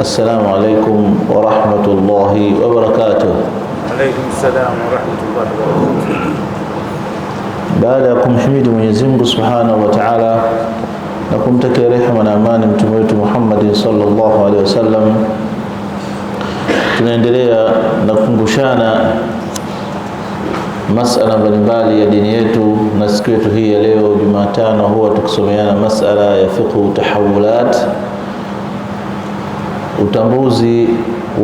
السلام عليكم ورحمة الله وبركاته عليكم السلام ورحمة الله وبركاته baada ya kumhimidi Mwenyezi Mungu Subhanahu wa Ta'ala na kumtakia rehema na amani mtume wetu Muhammad sallallahu alaihi wasallam, tunaendelea na kukumbushana masala mbalimbali ya dini yetu, na siku yetu hii ya leo Jumatano huwa tukisomeana masala ya fiqhu tahawulat utambuzi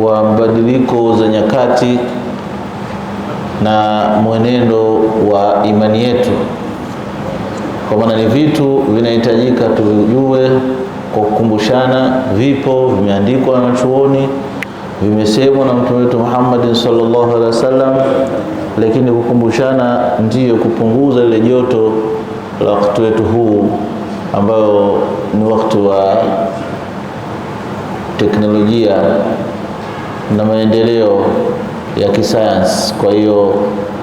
wa mabadiliko za nyakati na mwenendo wa imani yetu, kwa maana ni vitu vinahitajika tujue kwa kukumbushana. Vipo, vimeandikwa na chuoni vimesemwa na Mtume wetu Muhammad sallallahu alaihi wasallam, lakini kukumbushana ndiyo kupunguza lile joto la wakati wetu huu ambao ni wakati wa teknolojia na maendeleo ya kisayansi. Kwa hiyo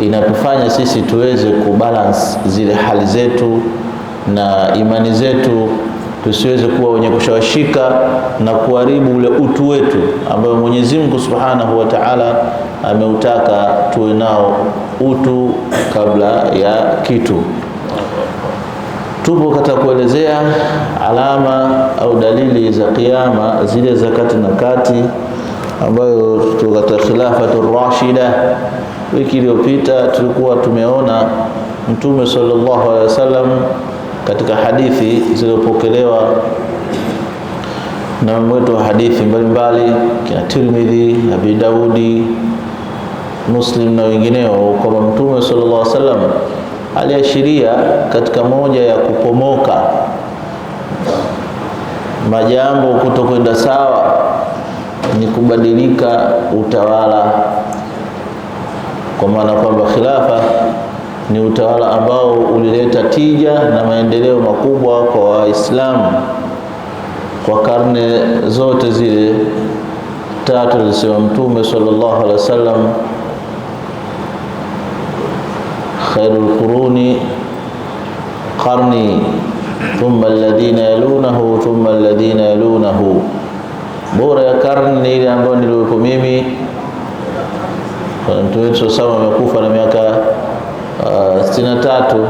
inatufanya sisi tuweze kubalance zile hali zetu na imani zetu, tusiweze kuwa wenye kushawishika na kuharibu ule utu wetu ambao Mwenyezi Mungu Subhanahu wa Ta'ala ameutaka tuwe nao utu kabla ya kitu. Tupo katika kuelezea alama au dalili za kiyama zile za kati na kati, ambayo tuko katika khilafatu rashida. Wiki iliyopita tulikuwa tumeona Mtume sallallahu alaihi wasallam katika hadithi zilizopokelewa na mwetu wa hadithi mbalimbali kina Tirmidhi, Abi Daudi, Muslim na wengineo kwamba Mtume sallallahu alaihi wasallam aliashiria katika moja ya kupomoka majambo kutokwenda sawa ni kubadilika utawala, kwa maana kwamba khilafa ni utawala ambao ulileta tija na maendeleo makubwa kwa Waislamu kwa karne zote zile tatu alisema Mtume sallallahu alaihi wasallam khairul quruni qarni thumma alladhina yalunahu thumma alladhina yalunahu, bora ya karne ni ile ambayo nilikuwa mimi. Mtume wetu sasa amekufa na miaka ah, sitini na tatu.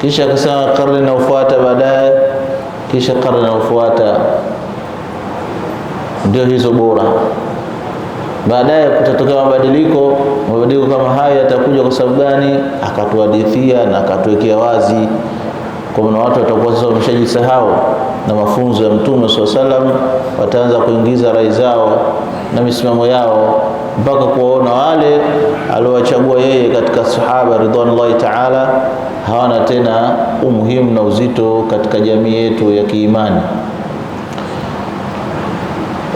Kisha akasema karne inayofuata baadaye, kisha karne inayofuata, ndio hizo bora. Baadaye kutatokea mabadiliko. Mabadiliko kama haya yatakuja kwa sababu gani? Akatuhadithia na akatuwekea wazi, kwa maana watu watakuwa sasa wameshajisahau na mafunzo ya Mtume swalla salam, wataanza kuingiza rai zao na misimamo yao mpaka kuwaona wale aliowachagua yeye katika sahaba ridwanullahi taala hawana tena umuhimu na uzito katika jamii yetu ya kiimani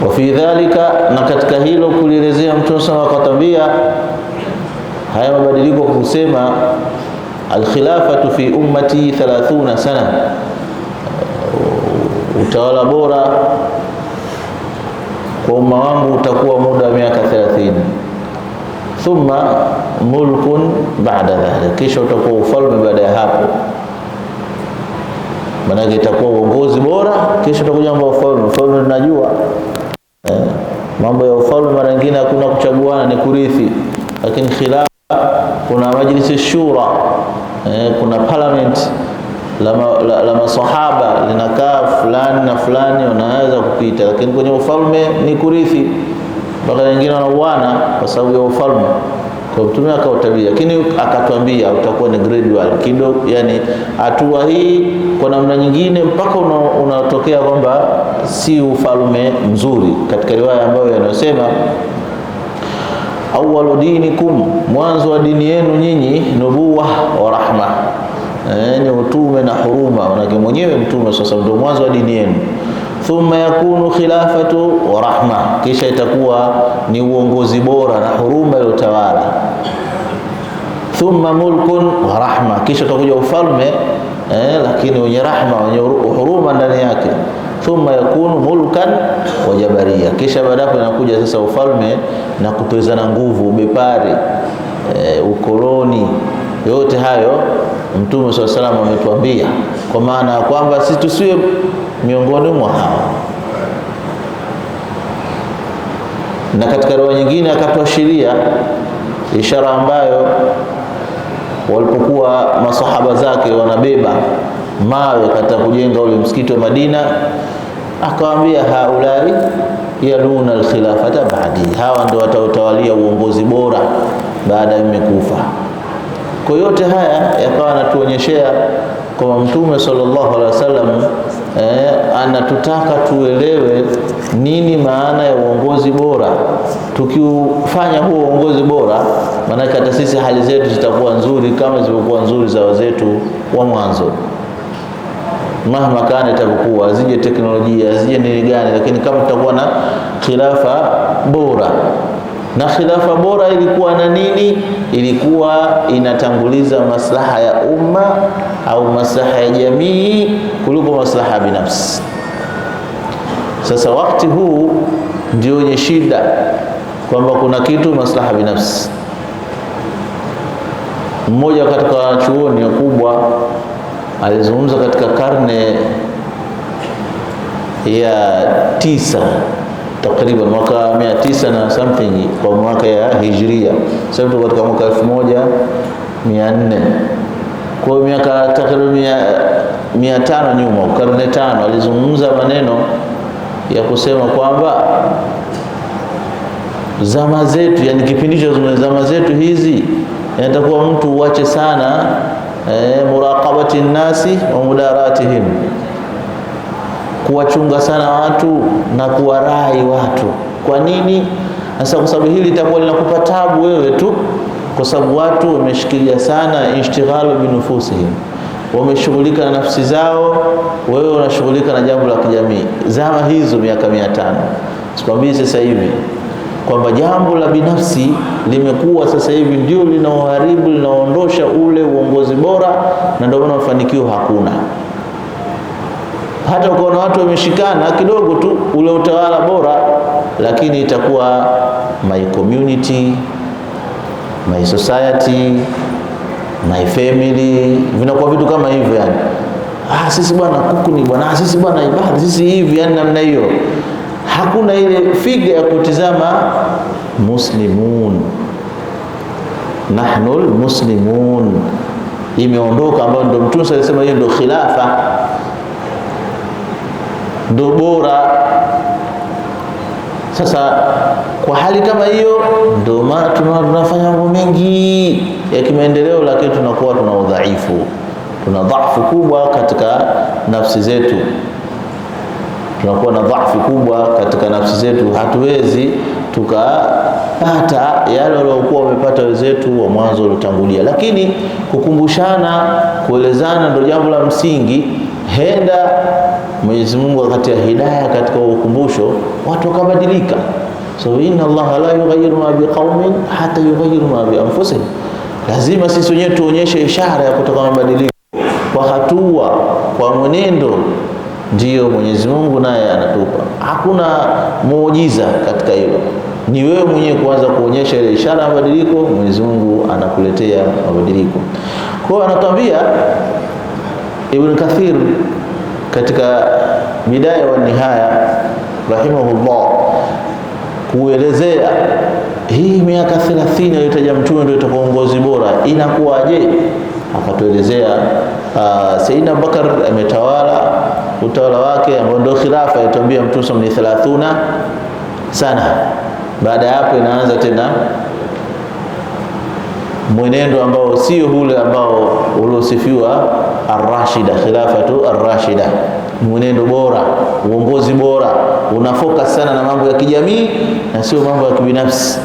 wa fi dhalika, na katika hilo kulielezea Mtume sana akatabia haya mabadiliko kwa kusema alkhilafatu fi ummati 30 sana, utawala bora kwa umma wangu utakuwa muda wa miaka 30, thumma mulkun baada dhalika, kisha utakuwa ufalme baada ya hapo. Maanake itakuwa uongozi bora, kisha utakuja ufalme. Ufalme tunajua Eh, mambo ya ufalme mara nyingine hakuna kuchaguana, ni kurithi, lakini khilafa, kuna majlisi shura eh, kuna parliament la, la, la masahaba linakaa fulani na fulani, wanaweza kupita, lakini kwenye ufalme ni kurithi, mpaka wengine wanauana kwa sababu ya ufalme. Kwa Mtume akautabia, lakini akatwambia utakuwa ni gradual kidogo, yani hatua hii kwa namna nyingine mpaka unatokea una kwamba si ufalme mzuri, katika riwaya ambayo yanayosema awwalu dinikum, mwanzo wa dini yenu nyinyi, nubuwa wa rahma, eh, ni utume na huruma. Manake mwenyewe Mtume sasa ndio mwanzo wa dini yenu thumma yakunu khilafatu wa rahma, kisha itakuwa ni uongozi bora na huruma ya utawala. Thumma mulkun wa rahma, kisha utakuja ufalme eh, lakini wenye rahma, wenye huruma ndani yake. Thumma yakunu mulkan wa jabaria, kisha baadapo inakuja sasa ufalme na na nguvu, ubepari yote hayo Mtume swalla salam ametuambia, kwa maana ya kwamba sisi tusiwe miongoni mwa hao. Na katika roho nyingine akatuashiria ishara ambayo walipokuwa masahaba zake wanabeba mawe katika kujenga ule msikiti wa Madina, akawaambia haulai yaluna alkhilafata baadi, hawa ndio watautawalia uongozi bora baada ya mimi kufa. Kwa yote haya yakawa anatuonyeshea kwa Mtume sallallahu alaihi wasallam eh, anatutaka tuelewe nini maana ya uongozi bora. Tukiufanya huo uongozi bora, maanake hata sisi hali zetu zitakuwa nzuri kama zilivyokuwa nzuri za wazetu wa mwanzo mahma kana itakuwa zije teknolojia zije nini gani, lakini kama tutakuwa na khilafa bora na khilafa bora ilikuwa na nini? Ilikuwa inatanguliza maslaha ya umma au maslaha ya jamii kuliko maslaha ya binafsi. Sasa wakati huu ndio wenye shida kwamba kuna kitu maslaha binafsi. Mmoja katika wanachuoni wakubwa alizungumza katika karne ya tisa takriban mwaka mia tisa na something kwa mwaka ya hijria. Sasa tuko katika mwaka elfu moja mia nne kwa miaka takriban mia tano nyuma, karne tano, alizungumza maneno ya kusema kwamba zama zetu, yani kipindi cha zama zetu hizi inatakuwa mtu uache sana eh, muraqabati nnasi wa mudaratihim kuwachunga sana watu na kuwarai watu. Kwa nini? hasa? kwa sababu hili litakuwa linakupa tabu wewe tu, kwa sababu watu wameshikilia sana ishtighalu binufusihim, wameshughulika na nafsi zao, wewe unashughulika na jambo la kijamii. Zama hizo miaka mia tano sikwambii sasa hivi kwamba jambo la binafsi limekuwa sasa hivi ndio linaoharibu linaondosha ule uongozi bora, na ndio maana mafanikio hakuna hata ukaona watu wameshikana kidogo tu, ule utawala bora, lakini itakuwa my community, my society, my family, vinakuwa vitu kama hivyo yani. Ah, sisi bwana kuku ni bwana, ah, sisi bwana ibada, sisi hivi yani namna hiyo. Hakuna ile figa ya kutizama muslimun, nahnu almuslimun imeondoka, ambayo ndio Mtume alisema hiyo ndio khilafa ndo bora. Sasa kwa hali kama hiyo, ndo maana tunafanya mambo mengi ya kimaendeleo, lakini tunakuwa tuna udhaifu, tuna dhaifu kubwa katika nafsi zetu, tunakuwa na dhaifu kubwa katika nafsi zetu, hatuwezi tukapata yale waliokuwa wamepata wenzetu wa mwanzo waliotangulia. Lakini kukumbushana, kuelezana ndo jambo la msingi henda Mwenyezi Mungu akatia ya hidayah katika ukumbusho watu wakabadilika. So inna Allah la yughayyiru ma biqaumin hata yughayyiru ma bi anfusihim, lazima sisi wenyewe tuonyeshe ishara ya kutoka mabadiliko kwa hatua, kwa mwenendo, ndiyo Mwenyezi Mungu naye anatupa. Hakuna muujiza katika hilo, ni wewe mwenyewe kuanza kuonyesha ile ishara ya mabadiliko, Mwenyezi Mungu anakuletea mabadiliko. Kwa hiyo anatuambia Ibn Kathir katika bidaya wa nihaya rahimahullah kuelezea hii miaka 30 aliyotaja mtume ndio itakuwa uongozi bora inakuwaje? Akatuelezea uh, Abubakar ametawala utawala wake ambao ndio khilafa alitambia mtume ni 30 sana. Baada ya hapo inaanza tena mwenendo ambao sio hule ambao uliosifiwa Arrashida, khilafatu Arrashida mwenendo bora, uongozi bora unafoka sana na mambo ya kijamii na sio mambo ya kibinafsi.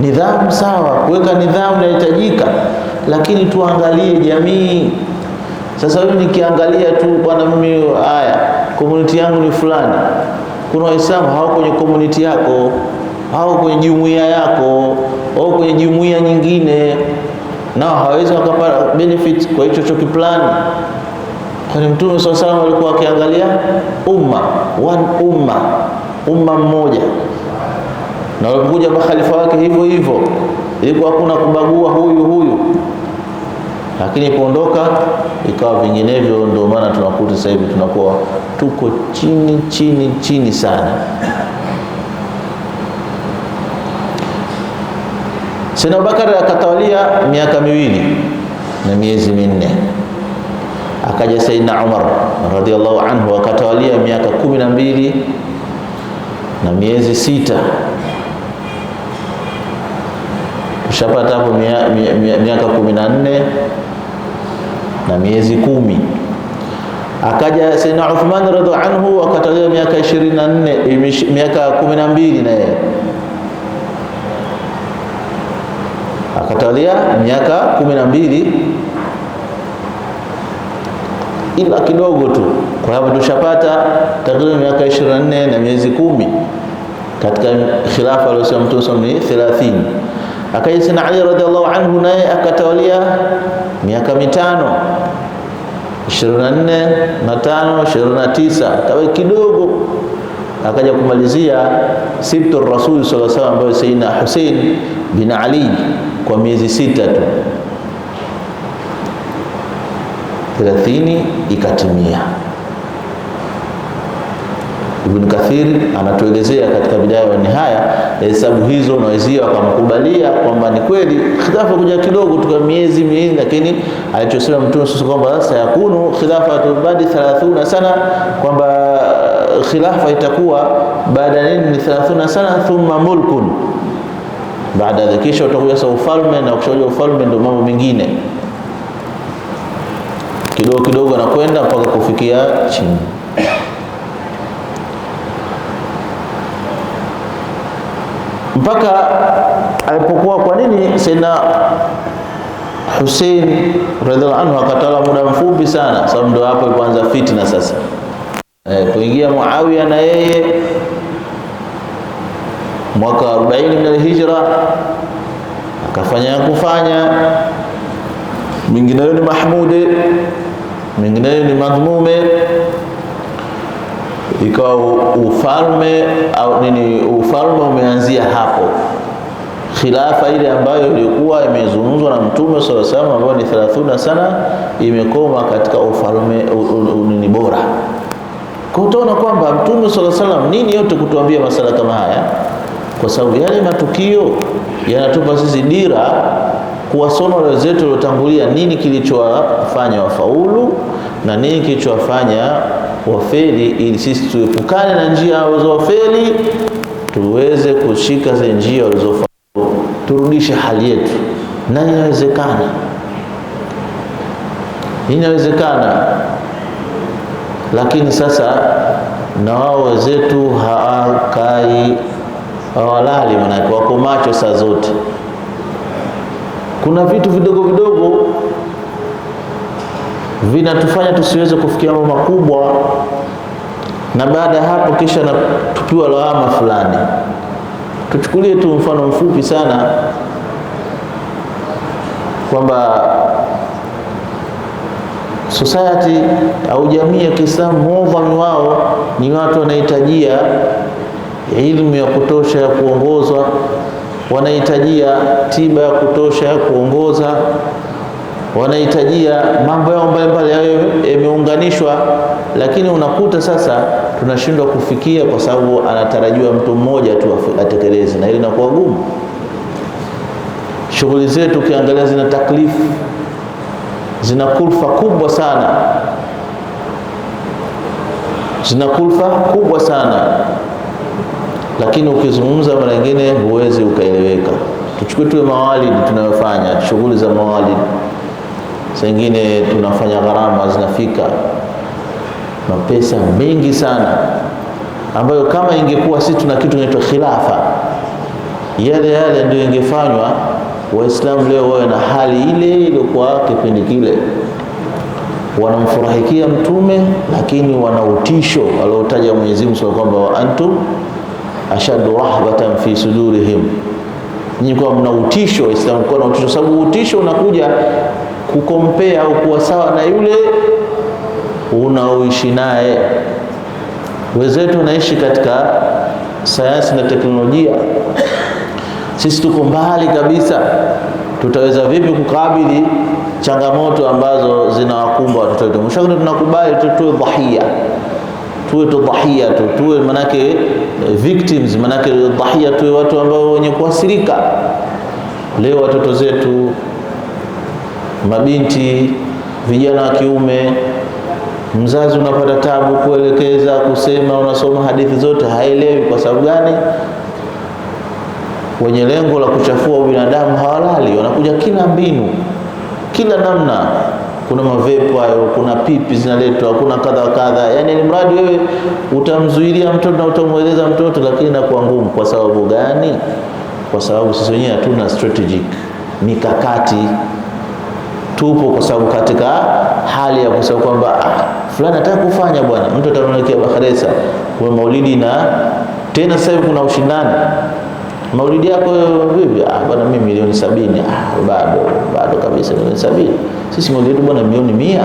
Nidhamu sawa, kuweka nidhamu inahitajika, lakini tuangalie jamii. Sasa hivi nikiangalia tu bwana, mimi haya community yangu ni fulani, kuna Waislamu hawako kwenye community yako au kwenye jumuiya yako au kwenye jumuiya nyingine, nao hawezi wakapata benefit kwa hicho kiplani Kwani Mtume swalla salam alikuwa akiangalia umma one umma umma mmoja, na walikuja makhalifa wake hivyo hivyo, ilikuwa hakuna kubagua huyu huyu lakini kuondoka ikawa vinginevyo. Ndio maana tunakuta sasa hivi tunakuwa tuko chini chini chini sana. Sayyidina Abubakar akatawalia miaka miwili na miezi minne. Akaja Sayyidina Umar radhiallahu anhu akatawalia miaka kumi na mbili na miezi sita. Tushapata hapo miaka kumi na nne na miezi kumi. Akaja Sayyidina Uthman radhiallahu anhu akatawalia miaka ishirini na nne miaka kumi na mbili naye akasalia miaka kumi na mbili ila kidogo tu, kwa sababu tushapata takriban miaka 24 na miezi kumi katika khilafa aliyosema Mtume SAW ni 30. Akaja sana Ali radhiallahu anhu, naye akatawalia miaka mitano 24 na 5 29, tawe kidogo akaja kumalizia sibtu rasuli sallallahu alaihi wasallam, ambayo Sayyidina Hussein bin Ali kwa miezi sita tu, thelathini ikatimia. Ibn Kathir anatuelezea katika Bidaya wa Nihaya hesabu hizo, na wakamkubalia kwamba ni kweli khilafa kuja kidogo tuka miezi miwili, lakini alichosema Mtume sasa kwamba sasa yakunu khilafa tubadi 30 sana, kwamba khilafa itakuwa baada ya nini 30 sana, thumma mulkun baada ya kisha utakuja sasa ufalme, na ukishakuja ufalme ndio mambo mengine kidogo kidogo anakwenda mpaka kufikia chini. Mpaka alipokuwa kwa nini Saidina Hussein radhiallahu anhu akatala muda mfupi sana, sababu ndio hapo ilipoanza fitna sasa. E, kuingia Muawiya na yeye mwaka 40 min alhijra akafanya ya kufanya mingineyo ni mahmude mingineyo ni madhmume ikawa ufalme au nini ufalme umeanzia hapo khilafa ile ambayo ilikuwa imezungumzwa na mtume sala salam ambayo ni 30 sana imekoma katika ufalme nini bora kwa utaona kwamba mtume sala salam nini yote kutuambia masala kama haya kwa sababu yale matukio yanatupa sisi dira kuwasoma wenzetu waliotangulia, nini kilichowafanya wafaulu na nini kilichowafanya wafeli, ili sisi tuepukane na njia wafeli, tuweze kushika zile njia walizofaulu, turudishe hali yetu. Na inawezekana, inawezekana, lakini sasa na wao wenzetu hawakai hawalali, manake wako macho saa zote. Kuna vitu vidogo vidogo vinatufanya tusiweze kufikia mambo makubwa, na baada ya hapo kisha natupiwa lawama fulani. Tuchukulie tu mfano mfupi sana kwamba society au jamii ya Kiislamu muadhami wao ni watu wanahitajia ya ilmu ya kutosha ya kuongozwa, wanahitajia tiba ya kutosha ya kuongoza, wanahitajia mambo yao mbalimbali hayo yameunganishwa, lakini unakuta sasa tunashindwa kufikia kwa sababu anatarajiwa mtu mmoja tu atekeleze, na hili inakuwa gumu. Shughuli zetu ukiangalia zina taklifu, zina kulfa kubwa sana, zina kulfa kubwa sana lakini ukizungumza mara nyingine huwezi ukaeleweka. Tuchukue tu mawalidi tunayofanya shughuli za mawalidi, zingine tunafanya gharama zinafika mapesa mengi sana, ambayo kama ingekuwa sisi tuna kitu kinaitwa khilafa, yale yale ndio ingefanywa Waislamu leo wawe na hali ile iliyokuwa kipindi kile. Wanamfurahikia Mtume, lakini wana utisho aliotaja Mwenyezi Mungu kwamba wa antum ashadu rahbatan fi sudurihim, nyinyi kwa mna utisho Waislamu kwa na utisho, sababu utisho unakuja kukompea au kuwa sawa na yule unaoishi naye. Wenzetu unaishi katika sayansi na teknolojia, sisi tuko mbali kabisa. Tutaweza vipi kukabili changamoto ambazo zinawakumba watoto wetu? Mwisho tunakubali tutoe dhahia tuwe tu dhahia tu, tuwe manake eh, victims, manake dhahia, tuwe watu ambao wenye kuathirika. Leo watoto zetu, mabinti, vijana wa kiume, mzazi unapata tabu kuelekeza, kusema, unasoma hadithi zote haelewi. Kwa sababu gani? Wenye lengo la kuchafua binadamu hawalali, wanakuja kila mbinu, kila namna kuna mavepo hayo, kuna pipi zinaletwa, kuna kadha kadha. Yani ni mradi wewe utamzuilia mtoto na utamweleza mtoto, lakini inakuwa ngumu. Kwa sababu gani? Kwa sababu sisi wenyewe hatuna strategic mikakati, tupo kwa sababu katika hali ya kusema kwamba ah, fulani anataka kufanya bwana, mtu atamwekea bakhresa kwa maulidi, na tena sasa hivi kuna ushindani Maulidi yako vipi? Ah, bwana mimi milioni sabini. Ah, bado bado kabisa milioni sabini. Sisi maulidi bwana milioni mia.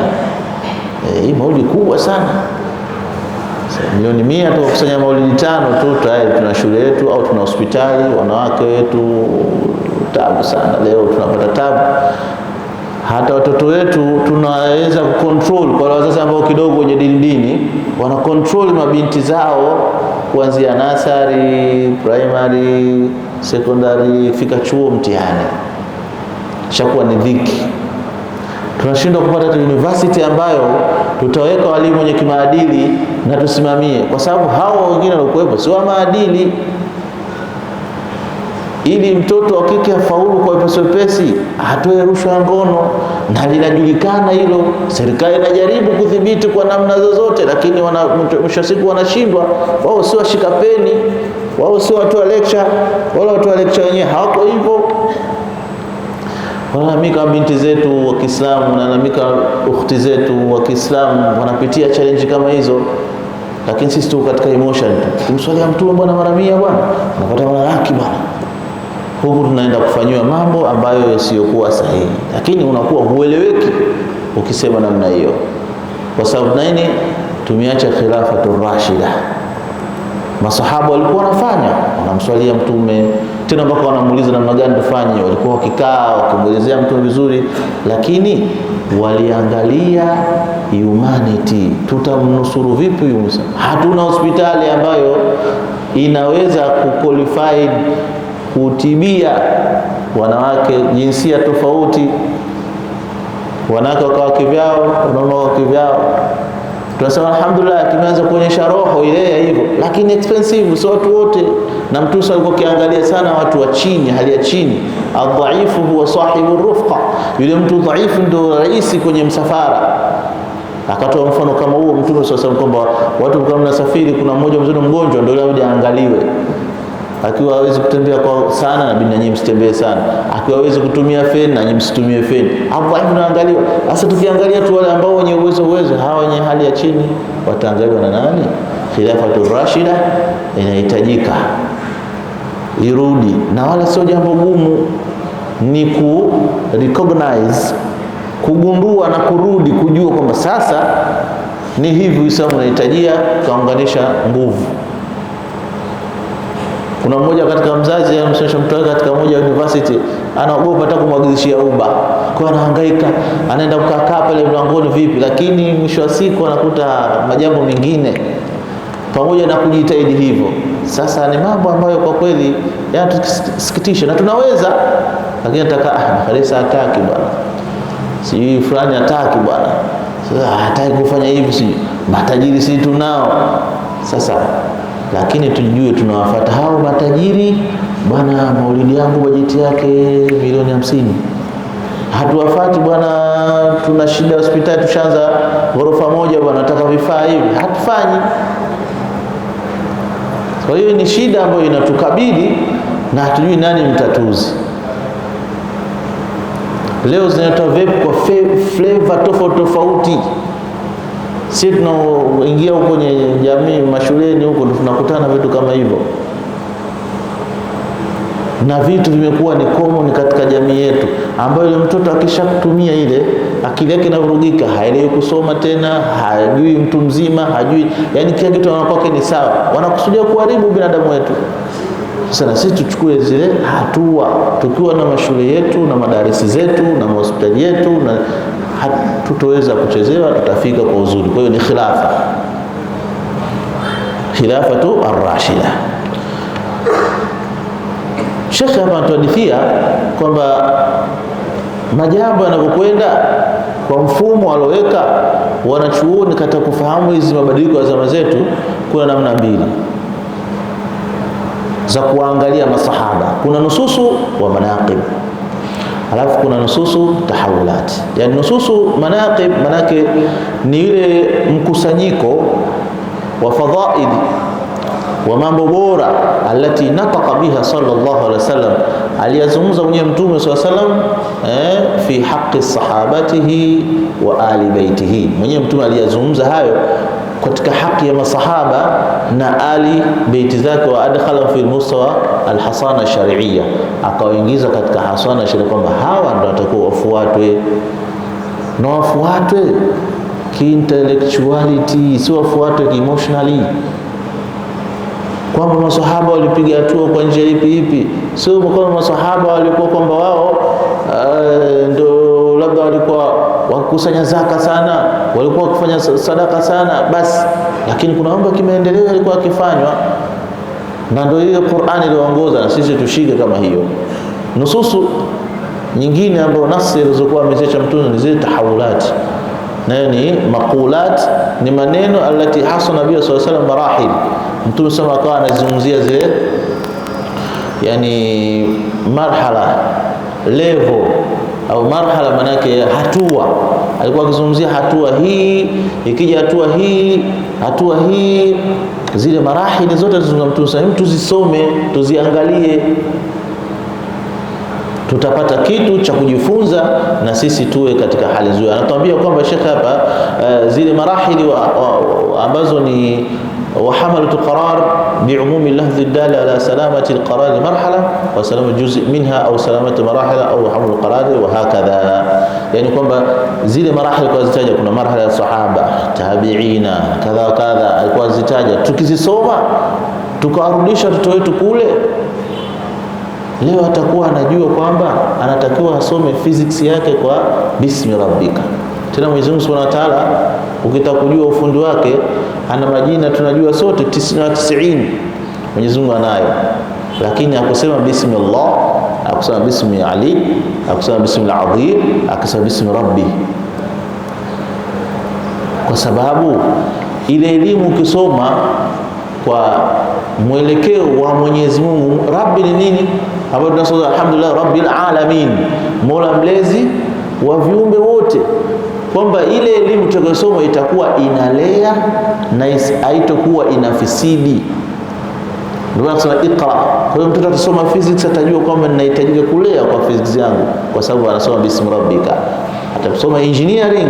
Eh, hii maulidi kubwa sana. Milioni mia tukakusanya maulidi tano tu, tayari tuna shule yetu au tuna hospitali, wanawake wetu tabu sana leo tunapata tabu hata watoto wetu tunaweza kucontrol. Kwa wazazi ambao kidogo wenye dini dini, wana control mabinti zao kuanzia nasari, primary, secondary, fika chuo, mtihani shakuwa ni dhiki. Tunashindwa kupata university ambayo tutaweka walimu wenye kimaadili na tusimamie, kwa sababu hao wengine walikuwepo si wa maadili ili mtoto wa kike afaulu kwa wepesi wepesi, atoe rushwa ya ngono, na linajulikana hilo. Serikali inajaribu kudhibiti kwa namna zozote, lakini mwisho wa siku wanashindwa. Wao sio washika peni, wao sio watu wa lecture, wala watu wa lecture wenyewe hawako hivyo. Walalamika binti zetu wa Kiislamu, wanalamika ukhti zetu wa Kiislamu, wanapitia challenge kama hizo lakini sisi tu katika emotion tu, tumswalia Mtume bwana mara mia bwana, unapata mara laki bwana huku tunaenda kufanyiwa mambo ambayo yasiyokuwa sahihi, lakini unakuwa hueleweki ukisema namna hiyo. Kwa sababu nini? Tumeacha khilafatu rashida. Masahaba walikuwa wanafanya, wanamswalia Mtume tena mpaka wanamuuliza namna gani tufanye. Walikuwa wakikaa wakimwelezea Mtume vizuri, lakini waliangalia humanity, tutamnusuru vipi huyu? Hatuna hospitali ambayo inaweza kuqualified kutibia wanawake jinsia tofauti, wanawake wakawa kivyao, wanaume wakawa kivyao. Tunasema alhamdulillah, tumeanza kuonyesha roho ile ya hivyo, lakini expensive, sio watu wote. Na mtusa alikuwa kiangalia sana watu wa chini, hali ya chini. Adhaifu huwa sahibu rufqa, yule mtu dhaifu ndio rais kwenye msafara. Akatoa mfano kama huo Mtume sasa, kwamba watu kama nasafiri, kuna mmoja mzuri mgonjwa, ndio yule aangaliwe akiwa hawezi kutembea kwa sana na bidii, msitembee sana. Akiwa hawezi kutumia feni, nanyi msitumie feni. Hapo hapo tunaangalia sasa. Tukiangalia tu wale ambao wenye uwezo uwezo, hawa wenye hali ya chini wataangaliwa na nani? Khilafatu Rashida inahitajika irudi, na wala sio jambo gumu, ni ku recognize kugundua na kurudi kujua kwamba sasa ni hivi Uislamu unahitajia, kaunganisha nguvu kuna mmoja katika mzazi anamsomesha mtoto wake katika moja university, anaogopa hata kumwagizishia uba, kwa anahangaika, anaenda kukaa pale mlangoni vipi, lakini mwisho wa siku anakuta majambo mengine pamoja na kujitahidi hivyo. Sasa ni mambo ambayo kwa kweli yanatusikitisha na tunaweza, lakini nataka ah, Karisa hataki bwana, sijui fulani hataki bwana, sasa ah, hataki kufanya hivi, si matajiri si tunao sasa lakini tujue tunawafuata hao matajiri bwana, maulidi yangu bajeti yake milioni hamsini. Hatuwafati bwana, tuna shida hospitali, tushaanza ghorofa moja bwana, nataka vifaa hivi, hatufanyi. Kwa hiyo ni shida ambayo inatukabili na hatujui nani mtatuzi. Leo zinatoa vape kwa flavor tofauti tofauti Si tunaingia huko kwenye jamii mashuleni huko ndo tunakutana vitu kama hivyo, na vitu vimekuwa ni common katika jamii yetu, ambayo ile mtoto akishatumia ile akili yake inavurugika, haelewi kusoma tena, hajui mtu mzima, hajui yani, kila kitu anakwake ni sawa. Wanakusudia kuharibu binadamu wetu. Sasa sisi tuchukue zile hatua, tukiwa na mashule yetu na madarisi zetu na mahospitali yetu, na hatutoweza kuchezewa, tutafika kwa uzuri. Kwa hiyo ni khilafa, khilafatu ar-rashida. Shekhe hapa anatuhadithia kwamba majambo yanavyokwenda kwa mfumo aloweka wanachuoni katika kufahamu hizi mabadiliko ya zama zetu, kuna namna mbili za kuangalia masahaba. Kuna nususu wa manaqib, alafu kuna nususu tahawulat. Yani nususu manaqib manake ni ile mkusanyiko wa fadhail wa mambo bora alati nataqa biha sallallahu alaihi wasallam, aliyazungumza mwenyewe Mtume sallallahu alaihi wasallam eh, fi haqi sahabatihi wa ali baitihi. Mwenyewe Mtume aliyazungumza hayo katika haki ya masahaba na Ali beiti zake, wa adkhala fi mustawa alhasana shariia, akawaingiza katika hasana sharia, kwamba hawa ndio watakuwa wafuatwe na wafuatwe kiintellectuality, si wafuatwe emotionally, kwamba masahaba walipiga hatua kwa njia ipi ipi, sio kwamba masahaba walikuwa kwamba wao uh, ndio labda walikuwa wakusanya zaka sana, walikuwa wakifanya sadaka sana basi, lakini kuna mambo ya kimaendeleo yalikuwa yakifanywa, na ndio hiyo Qur'ani iliongoza, na sisi tushike kama hiyo. Nususu nyingine ambayo nasi ilizokuwa ameziacha Mtume ni zile tahawulat, nayo ni maqulat, ni maneno alati hasa Nabii sallallahu alaihi wasallam marahil. Mtume sema akawa anazungumzia zile yani marhala level au marhala, manake hatua. Alikuwa akizungumzia hatua hii, ikija hatua hii, hatua hii, zile marahili zote zilizozungumza Mtume sallallahu tuzisome, tuziangalie, tutapata kitu cha kujifunza na sisi tuwe katika hali nzuri. Anatuambia kwamba shekhe hapa, uh, zile marahili ambazo ni وحملة القرار بعموم اللفظ الدال على سلامة القرار مرحلة وسلامة جزء منها أو سلامة مراحل أو حمل القرار وهكذا يعني كما زيد مراحل كما زتاجة كنا مرحلة صحابة تابعينا كذا وكذا كما زتاجة تكسي صوبة tukarudisha watoto wetu kule leo atakuwa anajua kwamba anatakiwa asome physics yake kwa ربك Tena Mwenyezi Mungu Subhanahu wa Ta'ala, ukitaka kujua ufundi wake, ana majina tunajua sote 99 Mwenyezi Mungu anayo, lakini akusema bismillah, akusema bismi Ali, akusema bismil azim, akusema bismi rabbi, kwa sababu ile elimu ukisoma kwa mwelekeo wa Mwenyezi Mungu, rabbi ni nini? Hapo tunasoma alhamdulillah rabbil alamin, mola mlezi wa viumbe wote kwamba ile elimu tutakayosoma itakuwa inalea na haitokuwa inafisidi. Ndio maana tunasema ikra. Kwa hiyo mtoto atasoma physics atajua kwamba ninahitajika kulea kwa physics yangu, kwa sababu anasoma bismi rabbika. Atasoma engineering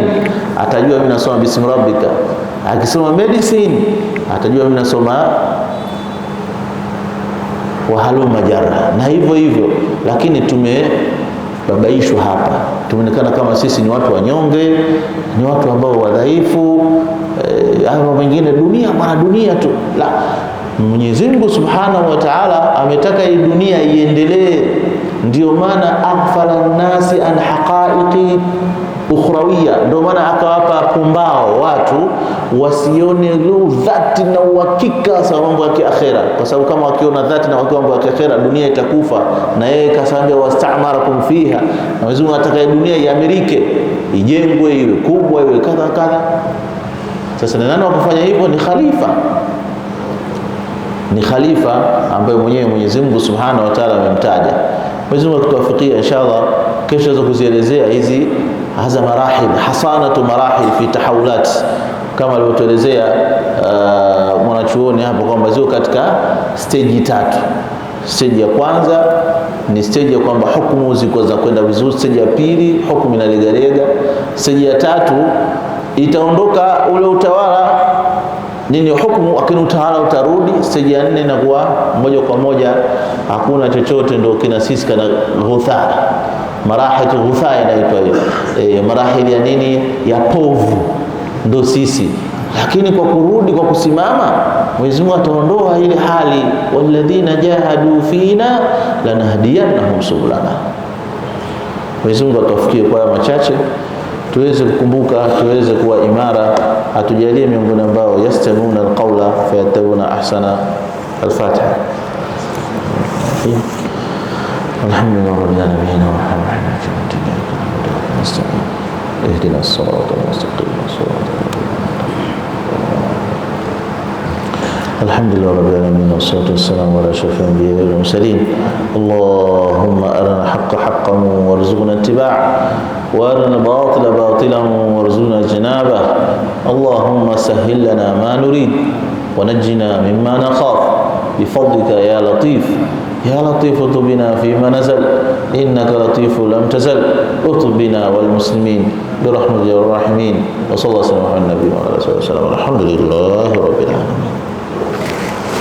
atajua mimi nasoma bismi rabbika. Akisoma medicine atajua mimi nasoma wahaluma majara, na hivyo hivyo, lakini tume babaishwa hapa, tumeonekana kama sisi ni watu wanyonge, ni watu ambao wadhaifu e, mengine dunia, bwana dunia tu la Mwenyezi Mungu Subhanahu wa Ta'ala ametaka hii dunia iendelee, ndio maana aghfala nnasi an haqaiqi ukhrawia. Ndio maana akawapa pumbao watu wasione dhati na uhakika sawa mambo ya kiakhera, kwa sababu kama wakiona dhati na wakiwa mambo ya kiakhera dunia itakufa, na yeye kasambia wastamarakum fiha, na Mwenyezi Mungu anataka dunia iamirike, ijengwe, iwe kubwa, iwe kadha kadha. Sasa ni nani wakufanya hivyo? Ni khalifa ni khalifa ambaye mwenyewe Mwenyezi Mungu Subhanahu wa Ta'ala amemtaja. Mwenyezi Mungu akituwafikia inshallah, kesho za kuzielezea hizi haza marahil hasanatu marahil fi tahawulat kama alivyotuelezea uh, mwanachuoni hapo kwamba ziko katika stage tatu. Stage ya kwanza ni stage ya kwamba hukumu ziko za kwenda vizuri. Stage ya pili hukumu inalegalega. Stage ya tatu itaondoka ule utawala nini hukumu, lakini utawala utarudi. Stage ya nne inakuwa moja kwa moja hakuna chochote, ndio kina sisi kana huthara marahatu ghutha inaitwa hiyo e, marahili ya nini ya povu ndo sisi, lakini kwa kurudi kwa kusimama Mwenyezi Mungu ataondoa ile hali, walladhina jahadu fina lanahdiyannahum subulana. Mwenyezi Mungu atufikie kwa machache tuweze kukumbuka, tuweze kuwa imara, atujalie miongoni ambao yastamiuna alqaula fayattabiuna ahsana. Alfatiha. الحمد لله رب العالمين والرحمن الرحيم مالك يوم الدين اهدنا الصراط المستقيم صراط الحمد لله رب العالمين والصلاة والسلام على أشرف الأنبياء والمرسلين اللهم أرنا الحق حقا وارزقنا اتباعه وأرنا الباطل باطلا وارزقنا اجتنابه اللهم سهل لنا ما نريد ونجنا مما نخاف بفضلك يا لطيف يا لطيف طبنا فيما نزل إنك لطيف لم تزل اطبنا والمسلمين برحمة الراحمين وصلى الله وسلم على النبي وعلى آله وسلم الحمد لله رب العالمين